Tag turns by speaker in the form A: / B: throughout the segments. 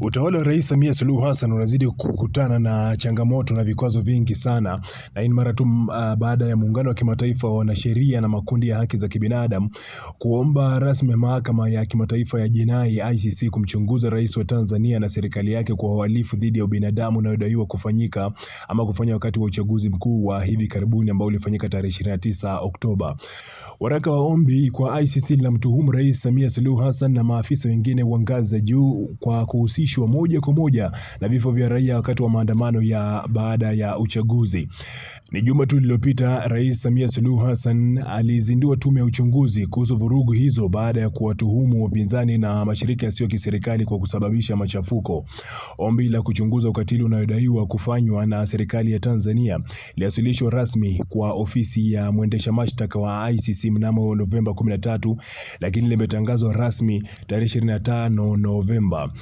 A: Utawala wa Rais Samia Suluhu Hassan unazidi kukutana na changamoto na vikwazo vingi sana, na hii mara tu uh, baada ya muungano wa kimataifa wa wanasheria na makundi ya haki za kibinadamu kuomba rasmi mahakama ya kimataifa ya jinai ICC kumchunguza rais wa Tanzania na serikali yake kwa uhalifu dhidi ya ubinadamu unayodaiwa kufanyika ama kufanya wakati wa uchaguzi mkuu wa hivi karibuni ambao ulifanyika tarehe 29 Oktoba. Waraka wa ombi kwa ICC linamtuhumu Rais Samia Suluhu Hassan na maafisa wengine wa ngazi za juu kwa kuhusika kuhusishwa moja kwa moja na vifo vya raia wakati wa maandamano ya baada ya uchaguzi. Ni juma tu lililopita, Rais Samia Suluhu Hassan alizindua tume ya uchunguzi kuhusu vurugu hizo baada ya kuwatuhumu wapinzani na mashirika yasiyo kiserikali kwa kusababisha machafuko. Ombi la kuchunguza ukatili unayodaiwa kufanywa na serikali ya Tanzania liliwasilishwa rasmi kwa ofisi ya mwendesha mashtaka wa ICC mnamo Novemba 13, lakini limetangazwa rasmi tarehe 25 Novemba.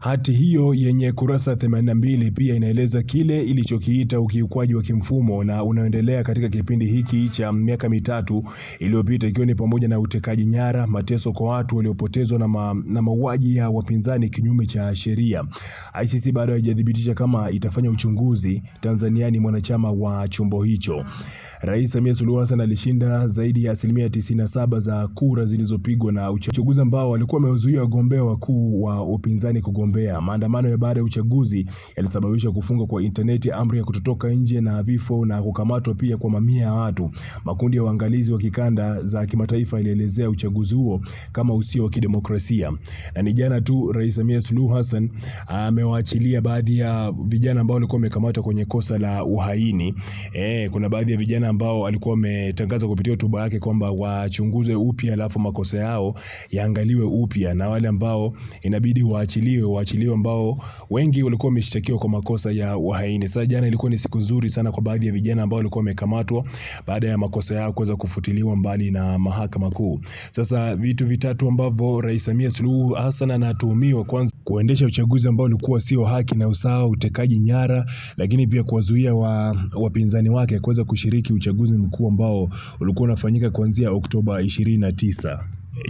A: Hati hiyo yenye kurasa 82 pia inaeleza kile ilichokiita ukiukwaji wa kimfumo na unaoendelea katika kipindi hiki cha miaka mitatu iliyopita, ikiwa ni pamoja na utekaji nyara, mateso kwa watu waliopotezwa na, ma, na mauaji ya wapinzani kinyume cha sheria. ICC bado haijathibitisha kama itafanya uchunguzi. Tanzania ni mwanachama wa chombo hicho. Rais Samia Suluhu Hassan alishinda zaidi ya asilimia 97 za kura zilizopigwa na uchaguzi ambao walikuwa wamezuia wagombea wakuu wa upinzani kugombea. Maandamano ya baada ya uchaguzi yalisababisha kufunga kwa interneti, amri ya kutotoka nje na vifo na kukamatwa pia kwa mamia ya watu. Makundi ya waangalizi wa kikanda za kimataifa yalielezea uchaguzi huo kama usio wa kidemokrasia. Na ni jana tu Rais Samia Suluhu Hassan amewaachilia baadhi ya vijana ambao walikuwa wamekamatwa kwenye kosa la uhaini. E, kuna baadhi ya vijana ambao alikuwa ametangaza kupitia hotuba yake kwamba wachunguze upya, alafu makosa yao yaangaliwe upya, na wale ambao inabidi waachiliwe waachiliwe, ambao wengi walikuwa wameshtakiwa kwa makosa ya uhaini. Sasa jana ilikuwa ni siku nzuri sana kwa baadhi ya vijana ambao walikuwa wamekamatwa baada ya makosa yao kuweza kufutiliwa mbali na mahakama kuu. Sasa vitu vitatu ambavyo Rais Samia Suluhu Hassan anatuhumiwa kwanza kuendesha uchaguzi ambao ulikuwa sio haki na usawa, utekaji nyara, lakini pia kuwazuia wa, wapinzani wake kuweza kushiriki uchaguzi mkuu ambao ulikuwa unafanyika kuanzia Oktoba 29.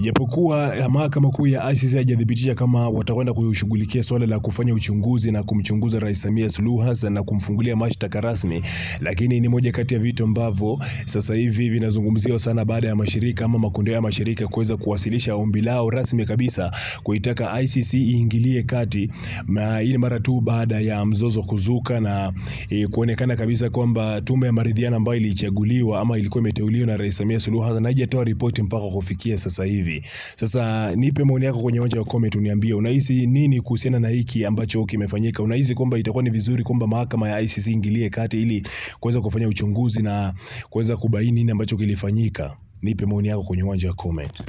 A: Japokuwa mahakama kuu ya ICC haijathibitisha kama watakwenda kushughulikia swala la kufanya uchunguzi na kumchunguza Rais Samia Suluhu Hassan na kumfungulia mashtaka rasmi, lakini ni moja kati ya vitu ambavyo sasa hivi vinazungumziwa sana baada ya mashirika ama makundi ya mashirika kuweza kuwasilisha ombi lao rasmi kabisa kuitaka ICC iingilie kati, na ili mara tu baada ya mzozo kuzuka na e, kuonekana kabisa kwamba tume ya maridhiano ambayo ilichaguliwa ama ilikuwa imeteuliwa na Rais Samia Suluhu Hassan haijatoa ripoti mpaka kufikia sasa hivi. Sasa nipe maoni yako kwenye uwanja wa comment, uniambie unahisi nini kuhusiana na hiki ambacho kimefanyika. Unahisi kwamba itakuwa ni vizuri kwamba mahakama ya ICC ingilie kati ili kuweza kufanya uchunguzi na kuweza kubaini nini ambacho kilifanyika? Nipe maoni yako kwenye uwanja wa comment.